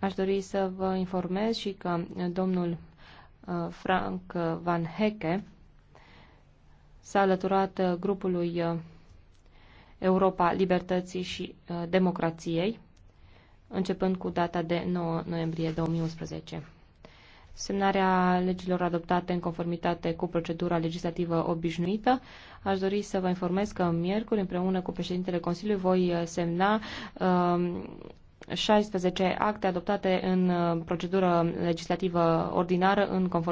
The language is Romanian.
Aș dori să vă informez și că domnul uh, Frank Van Hecke s-a alăturat uh, grupului uh, Europa Libertății și Democrației, începând cu data de 9 noiembrie 2011. Semnarea legilor adoptate în conformitate cu procedura legislativă obișnuită, aș dori să vă informez că miercuri, împreună cu președintele Consiliului, voi semna uh, 16 acte adoptate în uh, procedură legislativă ordinară în conformitate